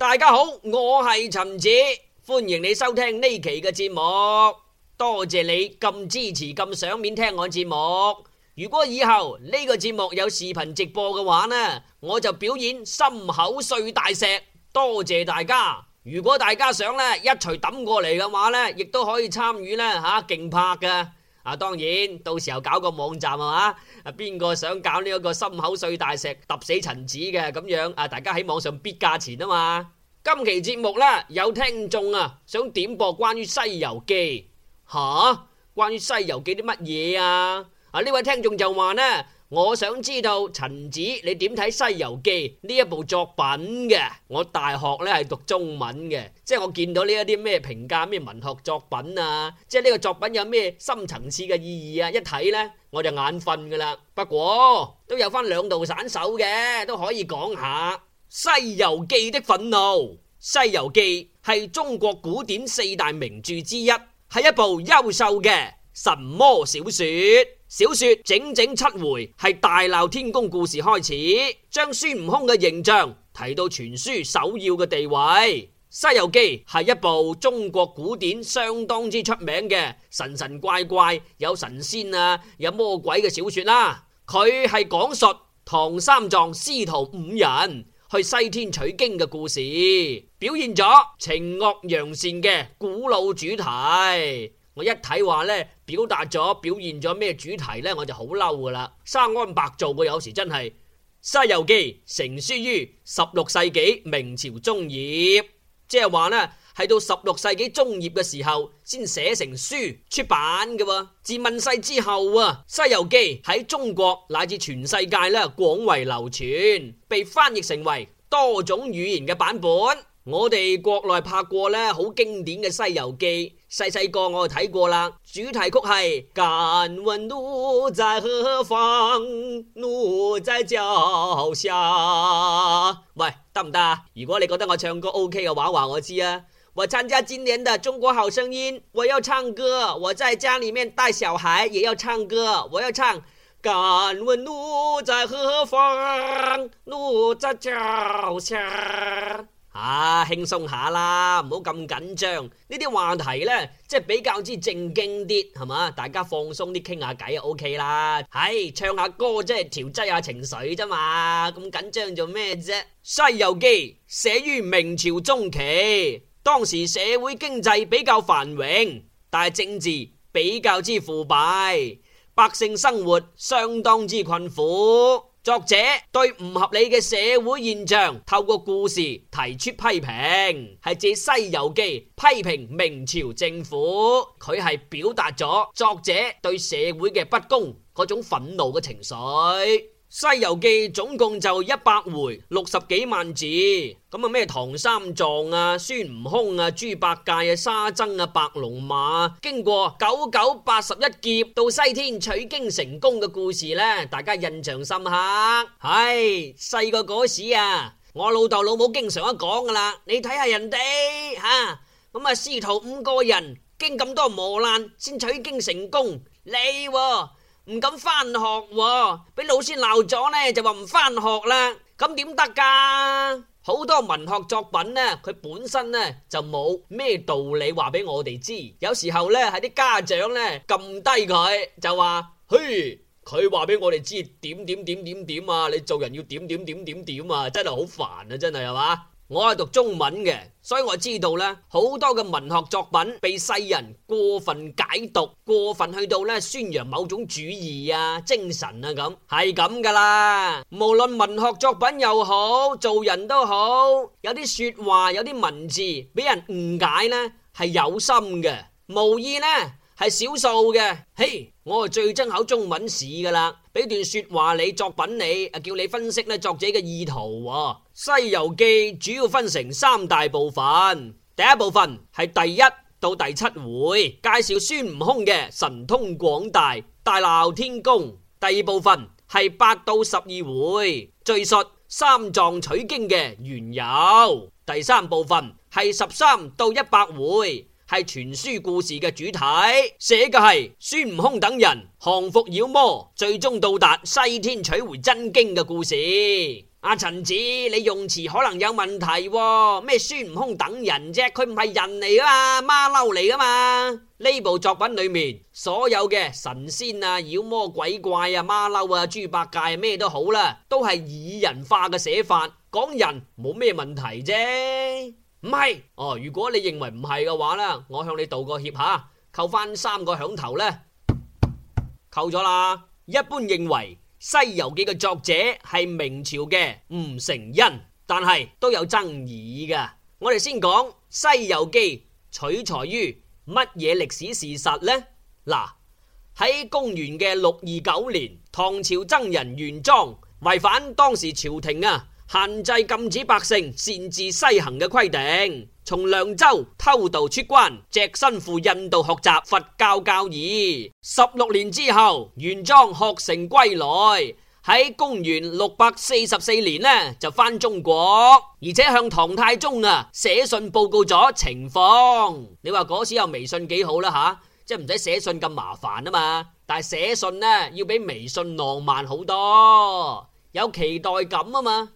大家好，我係陳子，歡迎你收聽呢期嘅節目。多謝你咁支持咁賞面聽我節目。如果以後呢個節目有視頻直播嘅話呢，我就表演心口碎大石。多謝大家。如果大家想呢一錘抌過嚟嘅話呢，亦都可以參與呢吓、啊、勁拍噶。啊，當然到時候搞個網站啊嘛，啊，邊個想搞呢一個心口碎大石揼死陳子嘅咁樣啊？大家喺網上比價錢啊嘛。今期節目啦，有聽眾啊想點播關於《西遊記》吓、啊，關於《西遊記》啲乜嘢啊？啊，呢位聽眾就話呢。我想知道陳子，你點睇《西遊記》呢一部作品嘅？我大學呢係讀中文嘅，即係我見到呢一啲咩評價、咩文學作品啊，即係呢個作品有咩深層次嘅意義啊？一睇呢，我就眼瞓噶啦。不過都有翻兩道散手嘅，都可以講下西《西遊記》的憤怒。《西遊記》係中國古典四大名著之一，係一部優秀嘅神魔小說。小說整整七回係大鬧天宮故事開始，將孫悟空嘅形象提到全書首要嘅地位。西遊記係一部中國古典相當之出名嘅神神怪怪有神仙啊有魔鬼嘅小說啦，啊。佢係講述唐三藏師徒五人去西天取經嘅故事，表現咗懲惡揚善嘅古老主題。我一睇話呢，表達咗、表現咗咩主題呢？我就好嬲噶啦！生安白做，我有時真係《西遊記》成書於十六世紀明朝中葉，即係話呢，係到十六世紀中葉嘅時候先寫成書出版嘅。自問世之後啊，《西遊記》喺中國乃至全世界呢，廣為流傳，被翻譯成為多種語言嘅版本。我哋國內拍過呢好經典嘅《西遊記》。細細個我睇過啦，主題曲係《敢問路在何方》，路在腳下。喂，得唔得啊？如果你覺得我唱歌 OK 嘅話，話我知啊。我參加今年的《中國好聲音》，我要唱歌。我在家裏面帶小孩也要唱歌，我要唱《敢問路在何方》，路在腳下。吓，輕鬆下啦，唔好咁緊張。呢啲話題呢，即係比較之正經啲，係嘛？大家放鬆啲傾下偈就 OK 啦。唉，唱下歌即係調劑下情緒啫嘛，咁緊張做咩啫？《西遊記》寫於明朝中期，當時社會經濟比較繁榮，但係政治比較之腐敗，百姓生活相當之困苦。作者對唔合理嘅社會現象，透過故事提出批評，係借《西遊記》批評明朝政府。佢係表達咗作者對社會嘅不公嗰種憤怒嘅情緒。《西遊記》總共就一百回，六十幾萬字，咁啊咩唐三藏啊、孫悟空啊、豬八戒啊、沙僧啊、白龍馬啊，經過九九八十一劫到西天取經成功嘅故事呢，大家印象深刻。唉、哎，細個嗰時啊，我老豆老母經常都講噶啦，你睇下人哋吓，咁啊、嗯、師徒五個人經咁多磨難先取經成功，你喎、啊。.唔敢翻學喎，啊，俾老師鬧咗呢，就話唔翻學啦，咁點得噶？好多文學作品呢，佢本身呢，就冇咩道理話俾我哋知，有時候呢，喺啲家長呢，撳低佢就話，嘿，佢話俾我哋知點點點點點啊，你做人要點點點點點啊，真係好煩啊，真係係嘛？我係讀中文嘅，所以我知道咧好多嘅文學作品被世人過分解讀，過分去到咧宣揚某種主義啊、精神啊咁，係咁噶啦。無論文學作品又好，做人都好，有啲說話、有啲文字俾人誤解咧，係有心嘅，無意咧係少數嘅，嘿、hey。我係最憎考中文史噶啦，俾段說話你，作品你啊，叫你分析咧作者嘅意圖啊。西遊記主要分成三大部分，第一部分係第一到第七回，介紹孫悟空嘅神通廣大、大鬧天宮；第二部分係八到十二回，敘述三藏取經嘅緣由；第三部分係十三到一百回。係傳書故事嘅主題，寫嘅係孫悟空等人降服妖魔，最終到達西天取回真經嘅故事。阿陳、啊、子，你用詞可能有問題，啊，咩孫悟空等人啫，佢唔係人嚟噶嘛，馬騮嚟噶嘛。呢部作品裏面所有嘅神仙啊、妖魔鬼怪啊、馬騮啊、豬八戒咩、啊、都好啦，啊，都係擬人化嘅寫法，講人冇咩問題啫，啊。唔係哦，如果你認為唔係嘅話呢，我向你道個歉吓，扣翻三個響頭呢，扣咗啦。一般認為《西遊記》嘅作者係明朝嘅吳承恩，但係都有爭議㗎。我哋先講《西遊記》取材於乜嘢歷史事實呢？嗱，喺公元嘅六二九年，唐朝僧人玄奘違反當時朝廷啊。限制禁止百姓擅自西行嘅規定，從涼州偷渡出關，隻身赴印度學習佛教教義。十六年之後，玄奘學成歸來，喺公元六百四十四年呢就返中國，而且向唐太宗啊寫信報告咗情況。你話嗰時有微信幾好啦吓，啊，即係唔使寫信咁麻煩啊嘛，但係寫信呢要比微信浪漫好多。有期待感啊嘛，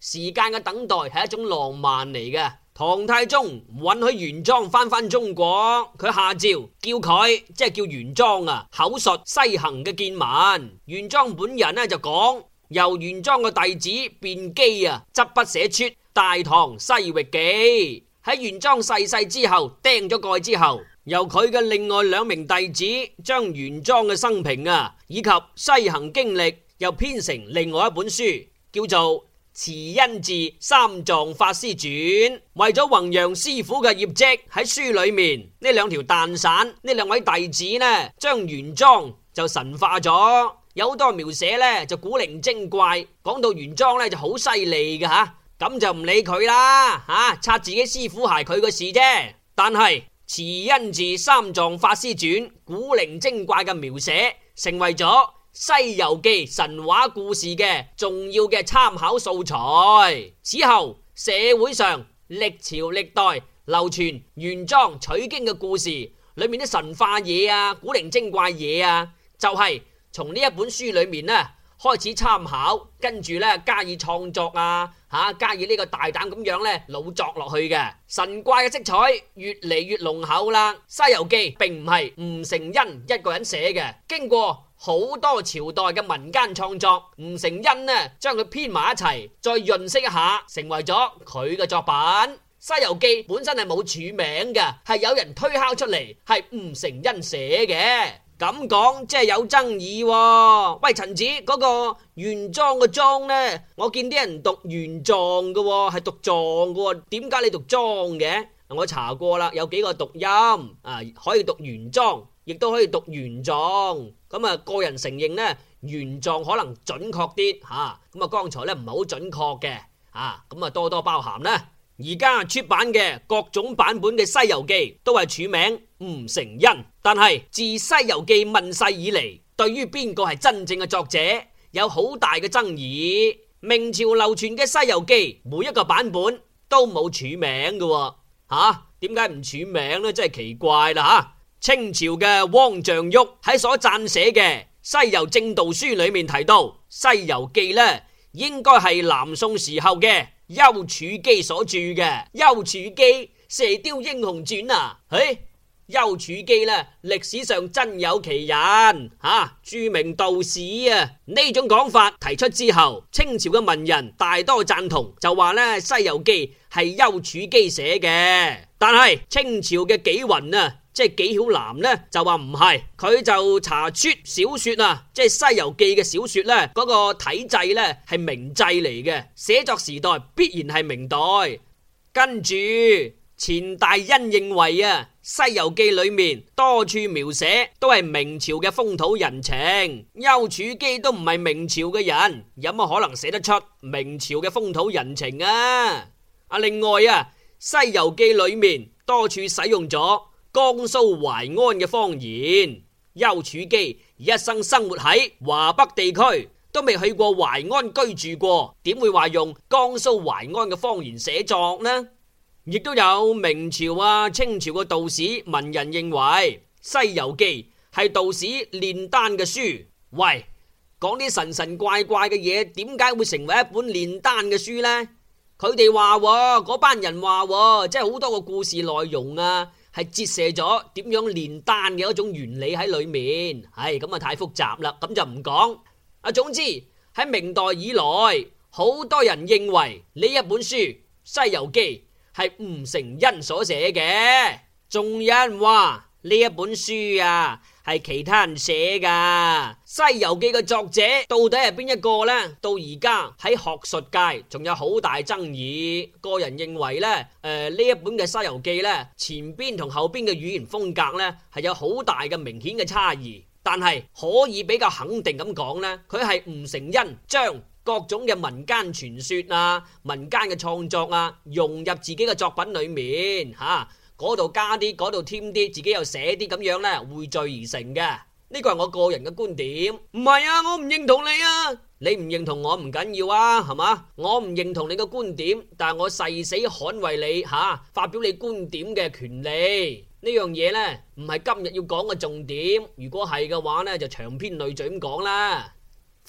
時間嘅等待係一種浪漫嚟嘅。唐太宗唔允許玄奘翻返中國，佢下詔叫佢即係叫玄奘啊口述西行嘅見聞。玄奘本人呢就講，由玄奘嘅弟子辯機啊執筆寫出《大唐西域記》。喺玄奘逝世之後，釘咗蓋之後，由佢嘅另外兩名弟子將玄奘嘅生平啊以及西行經歷。又編成另外一本書，叫做《慈恩寺三藏法師傳》，為咗弘揚師傅嘅業績，喺書裏面呢，兩條蛋散呢，兩位弟子呢，將玄奘就神化咗，有好多描寫呢就古靈精怪。講到玄奘呢就好犀利嘅吓，咁、啊、就唔理佢啦吓，拆自己師傅係佢嘅事啫。但係《慈恩寺三藏法師傳》古靈精怪嘅描寫，成為咗《西遊記》神話故事嘅重要嘅參考素材，此後社會上歷朝歷代流傳原裝取經嘅故事，裏面啲神化嘢啊、古靈精怪嘢啊，就係從呢一本書裏面呢開始參考，跟住呢加以創作啊。吓，加以呢個大膽咁樣咧，老作落去嘅神怪嘅色彩越嚟越濃厚啦。《西遊記》並唔係吳承恩一個人寫嘅，經過好多朝代嘅民間創作，吳承恩呢將佢編埋一齊，再潤色一下，成為咗佢嘅作品。《西遊記》本身係冇署名嘅，係有人推敲出嚟，係吳承恩寫嘅。咁講即係有爭議喎、哦。喂，陳子嗰、那個原裝個裝呢？我見啲人讀原狀嘅喎，係讀狀嘅喎、哦。點解你讀裝嘅？我查過啦，有幾個讀音啊，可以讀原裝，亦都可以讀原狀。咁、嗯、啊，個人承認呢，原狀可能準確啲嚇。咁啊、嗯，剛才呢，唔係好準確嘅嚇。咁啊、嗯，多多包涵啦。而家出版嘅各種版本嘅《西遊記》都係署名。唔成因，但係自《西遊記》問世以嚟，對於邊個係真正嘅作者有好大嘅爭議。明朝流傳嘅《西遊記》每一個版本都冇署名嘅，吓、哦，點解唔署名呢？真係奇怪啦，吓、啊。清朝嘅汪象旭喺所撰寫嘅《西遊正道書》裏面提到，《西遊記》呢應該係南宋時候嘅丘處機所著嘅。丘處機《射鵰英雄傳》啊，誒。丘處機呢，歷史上真有其人吓，啊，著名道士啊。呢種講法提出之後，清朝嘅文人大多贊同，就話呢《西遊記》係丘處機寫嘅。但係清朝嘅紀云啊，即係紀曉嵐呢，就話唔係，佢就查出小說啊，即係《西遊記》嘅小說呢，嗰、那個體制呢係明制嚟嘅，寫作時代必然係明代。跟住。錢大昕認為啊，《西遊記》裏面多處描寫都係明朝嘅風土人情，丘處機都唔係明朝嘅人，有乜可能寫得出明朝嘅風土人情啊？啊，另外啊，《西遊記》裏面多處使用咗江蘇淮安嘅方言，丘處機一生生活喺華北地區，都未去過淮安居住過，點會話用江蘇淮安嘅方言寫作呢？亦都有明朝啊、清朝嘅道士文人認為《西遊記》係道士煉丹嘅書。喂，講啲神神怪怪嘅嘢，點解會成為一本煉丹嘅書咧？佢哋話嗰班人話，即係好多個故事內容啊，係折射咗點樣煉丹嘅一種原理喺裏面。唉，咁啊太複雜啦，咁就唔講。啊，總之喺明代以來，好多人認為呢一本書《西遊記》。係吳承恩所寫嘅，仲有人話呢一本書啊係其他人寫㗎。《西遊記》嘅作者到底係邊一個呢？到而家喺學術界仲有好大爭議。個人認為呢，誒呢一本嘅《西遊記》呢，前邊同後邊嘅語言風格呢，係有好大嘅明顯嘅差異，但係可以比較肯定咁講呢，佢係吳承恩將，各種嘅民間傳說啊，民間嘅創作啊，融入自己嘅作品裏面，吓、啊，嗰度加啲，嗰度添啲，自己又寫啲咁樣呢，匯聚而成嘅。呢個係我個人嘅觀點，唔係啊，我唔認同你啊，你唔認同我唔緊要啊，係嘛？我唔認同你嘅觀點，但係我誓死捍衛你吓、啊，發表你觀點嘅權利。呢樣嘢呢，唔係今日要講嘅重點。如果係嘅話呢，就長篇累贅咁講啦。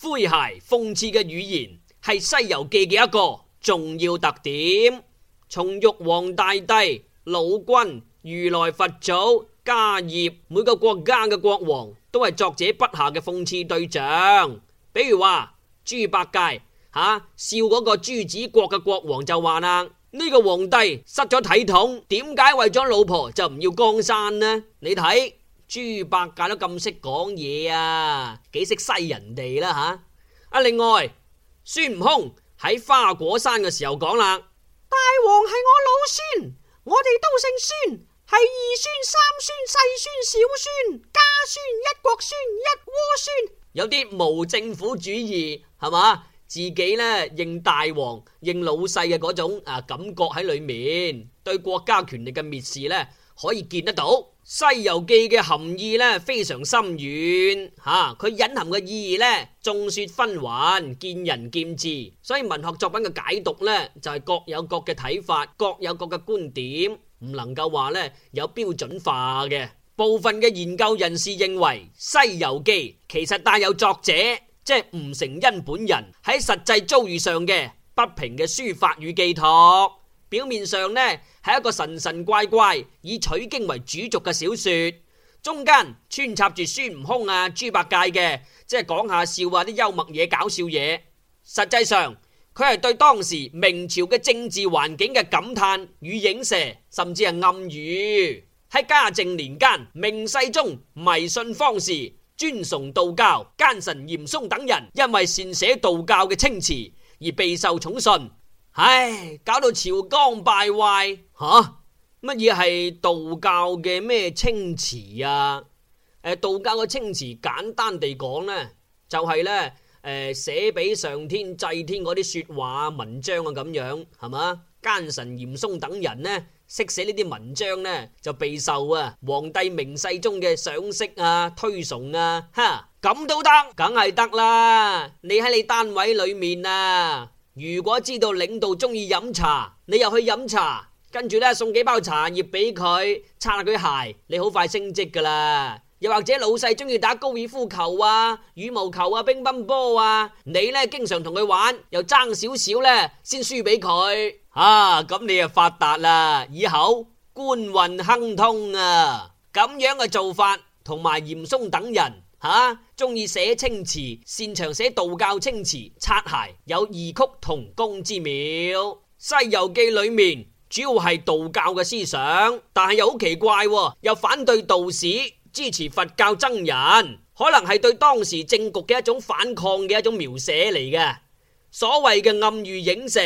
詼諧、諷刺嘅語言係《西遊記》嘅一個重要特點。從玉皇大帝、老君、如來佛祖、迦葉，每個國家嘅國王，都係作者筆下嘅諷刺對象。比如話豬八戒吓、啊、笑嗰個朱紫國嘅國王就話啦：呢、這個皇帝失咗體統，點解為咗老婆就唔要江山呢？你睇。豬八戒都咁識講嘢啊，幾識西人哋啦吓！啊，另外孫悟空喺花果山嘅時候講啦，大王係我老孫，我哋都姓孫，係二孫、三孫、四孫、小孫、家孫、一國孫、一窩孫，有啲無政府主義係嘛？自己咧認大王、認老細嘅嗰種啊感覺喺裏面，對國家權力嘅蔑視咧可以見得到。《西遊記》嘅含義咧非常深遠，吓、啊、佢隱含嘅意義咧眾說紛紜，見仁見智，所以文學作品嘅解讀咧就係、是、各有各嘅睇法，各有各嘅觀點，唔能夠話咧有標準化嘅。部分嘅研究人士認為，《西遊記》其實帶有作者即係吳承恩本人喺實際遭遇上嘅不平嘅抒發與寄託。表面上呢係一個神神怪怪以取經為主軸嘅小說，中間穿插住孫悟空啊、豬八戒嘅，即係講下笑話啲幽默嘢、搞笑嘢。實際上佢係對當時明朝嘅政治環境嘅感嘆與影射，甚至係暗語。喺嘉靖年間，明世宗迷信方士，尊崇道教，奸臣嚴嵩等人因為善寫道教嘅清詞而備受寵信。唉，搞到朝綱敗壞吓，乜嘢係道教嘅咩青詞啊？誒，道教嘅青詞簡單地講呢，就係呢，誒寫俾上天祭天嗰啲說話文章啊，咁樣係嘛？奸臣嚴嵩等人呢識寫呢啲文章呢，就備受啊皇帝明世宗嘅賞識啊，推崇啊，吓咁都得，梗係得啦。你喺你單位裏面啊。如果知道領導中意飲茶，你又去飲茶，跟住呢送幾包茶葉俾佢，擦下佢鞋，你好快升職噶啦。又或者老細中意打高爾夫球啊、羽毛球啊、乒乓波啊，你呢經常同佢玩，又爭少少呢，先輸俾佢。啊，咁你就發達啦，以後官運亨通啊！咁樣嘅做法同埋嚴嵩等人。吓，中意寫青詞，擅長寫道教青詞，擦鞋有異曲同工之妙。《西遊記》裏面主要係道教嘅思想，但係又好奇怪，又反對道士，支持佛教僧人，可能係對當時政局嘅一種反抗嘅一種描寫嚟嘅。所謂嘅暗喻影射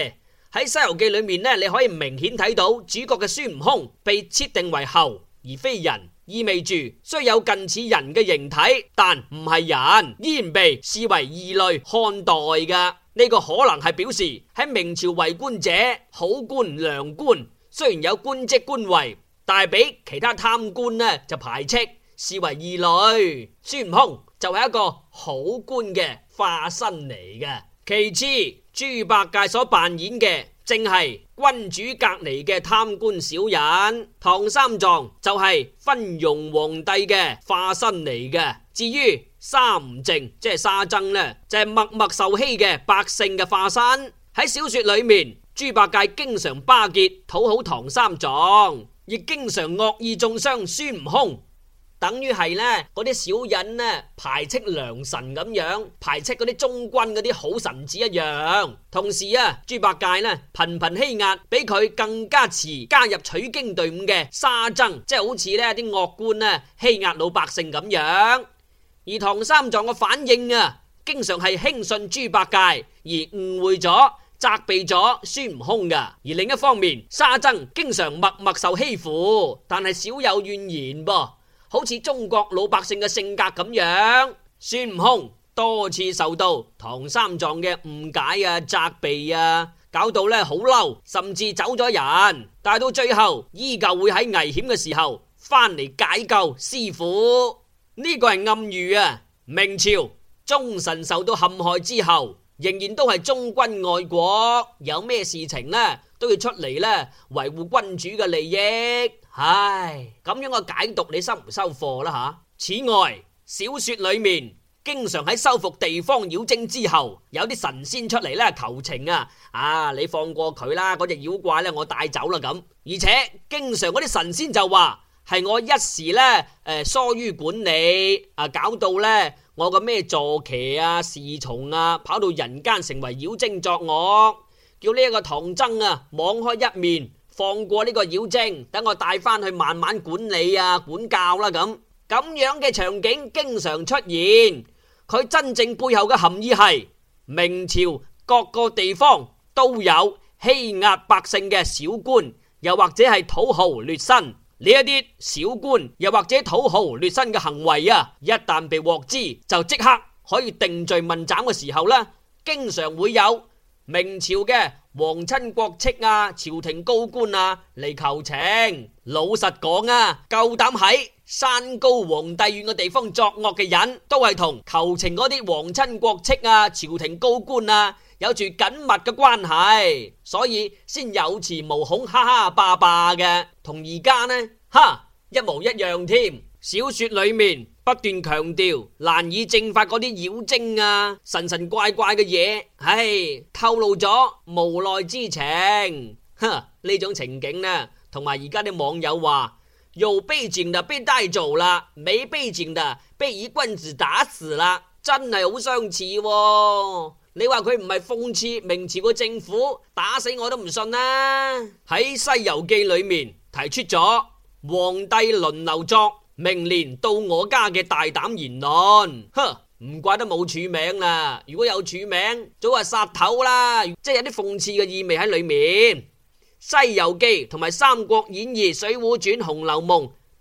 喺《西遊記》裏面呢，你可以明顯睇到主角嘅孫悟空被設定為猴而非人。意味住雖有近似人嘅形體，但唔係人，依然被視為異類看待嘅。呢、這個可能係表示喺明朝為官者，好官良官雖然有官職官位，但係俾其他貪官呢就排斥，視為異類。孫悟空就係一個好官嘅化身嚟嘅。其次，豬八戒所扮演嘅正係。君主隔籬嘅貪官小人，唐三藏就係昏庸皇帝嘅化身嚟嘅。至於沙悟淨，即係沙僧呢就係、是、默默受欺嘅百姓嘅化身。喺小說裏面，豬八戒經常巴結討好唐三藏，亦經常惡意中傷孫悟空。等於係呢嗰啲小人咧，排斥良臣咁樣，排斥嗰啲忠君嗰啲好臣子一樣。同時啊，豬八戒呢頻頻欺壓，比佢更加遲加入取經隊伍嘅沙僧，即係好似呢啲惡官呢欺壓老百姓咁樣。而唐三藏嘅反應啊，經常係輕信豬八戒而誤會咗，責備咗孫悟空噶。而另一方面，沙僧經常默默受欺負，但係少有怨言噃。好似中國老百姓嘅性格咁樣，孫悟空多次受到唐三藏嘅誤解啊、責備啊，搞到咧好嬲，甚至走咗人。但係到最後，依舊會喺危險嘅時候翻嚟解救師傅。呢個係暗喻啊！明朝忠臣受到陷害之後，仍然都係忠君愛國，有咩事情呢？都要出嚟，呢，維護君主嘅利益，唉，咁樣嘅解讀你收唔收貨啦吓。此外，小說裏面經常喺收復地方妖精之後，有啲神仙出嚟呢求情啊，啊，你放過佢啦，嗰隻妖怪呢，我帶走啦咁。而且經常嗰啲神仙就話係我一時呢誒，疏於管理啊，搞到呢我個咩坐騎啊侍從啊跑到人間成為妖精作惡。叫呢一個唐僧啊，網開一面，放過呢個妖精，等我帶翻去慢慢管理啊，管教啦咁。咁樣嘅場景經常出現，佢真正背後嘅含義係明朝各個地方都有欺壓百姓嘅小官，又或者係土豪劣紳。呢一啲小官又或者土豪劣紳嘅行為啊，一旦被獲知，就即刻可以定罪問斬嘅時候呢，經常會有。明朝嘅皇親國戚啊，朝廷高官啊嚟求情老實講啊，夠膽喺山高皇帝遠嘅地方作惡嘅人都係同求情嗰啲皇親國戚啊、朝廷高官啊有住緊密嘅關係，所以先有恃無恐，哈哈霸霸嘅。同而家呢，哈一模一樣添。小說裏面。不斷強調難以正法嗰啲妖精啊、神神怪怪嘅嘢，唉、哎，透露咗無奈之情。哼，呢種情景呢、啊，同埋而家啲網友話，有背景的被帶走了，沒背景的被一棍子打死啦，真係好相似、啊。你話佢唔係諷刺明朝嘅政府打死我都唔信啦、啊。喺《西遊記》裏面提出咗皇帝輪流作」。明年到我家嘅大膽言論，哼，唔怪得冇署名啦。如果有署名，早就係殺頭啦。即係有啲諷刺嘅意味喺裏面。《西遊記》同埋《三國演義》《水滸傳》《紅樓夢》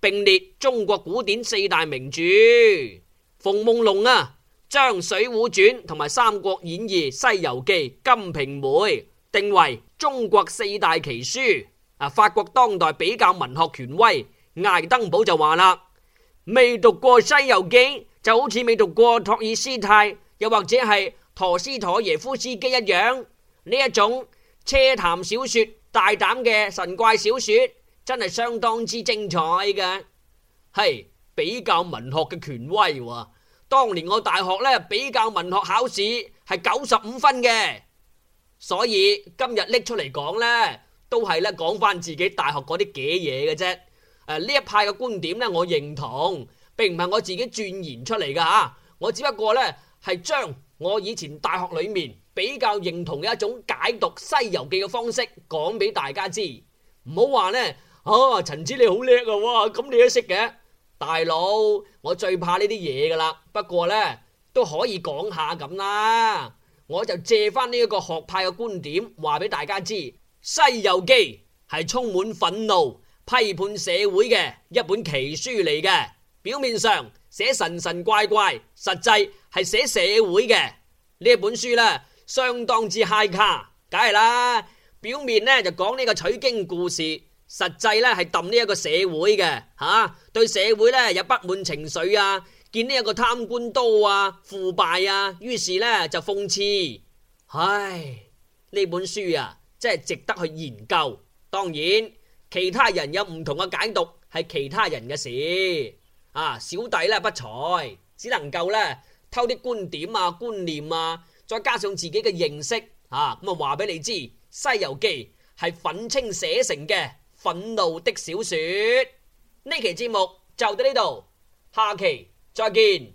並列中國古典四大名著。馮夢龍啊，將《水滸傳》同埋《三國演義》《西遊記》《金瓶梅》定為中國四大奇書。啊，法國當代比較文學權威艾登堡就話啦，未讀過《西遊記》，就好似未讀過托爾斯泰，又或者係陀思妥耶夫斯基一樣。呢一種車談小說大膽嘅神怪小說，真係相當之精彩嘅。係比較文學嘅權威喎。當年我大學呢，比較文學考試係九十五分嘅，所以今日拎出嚟講呢，都係呢講翻自己大學嗰啲嘅嘢嘅啫。誒呢一派嘅觀點呢，我認同，並唔係我自己鑽研出嚟嘅吓。我只不過呢，係將我以前大學裡面比較認同嘅一種解讀《西遊記》嘅方式講俾大家知。唔好話呢，哦，陳子你好叻啊，哇！咁你都識嘅，大佬，我最怕呢啲嘢噶啦。不過呢，都可以講下咁啦，我就借翻呢一個學派嘅觀點話俾大家知，《西遊記》係充滿憤怒，批判社會嘅一本奇書嚟嘅，表面上寫神神怪怪，實際係寫社會嘅。呢本書呢，相當之嗨卡，梗係啦。表面呢就講呢個取經故事，實際呢係揼呢一個社會嘅吓，啊，對社會呢有不滿情緒啊，見呢一個貪官多啊、腐敗啊，於是呢就諷刺。唉，呢本書啊，真係值得去研究，當然。其他人有唔同嘅解讀，係其他人嘅事。啊，小弟咧不才，只能夠咧偷啲觀點啊、觀念啊，再加上自己嘅認識。啊，咁啊話俾你知，《西遊記》係憤青寫成嘅憤怒的小説。呢期節目就到呢度，下期再見。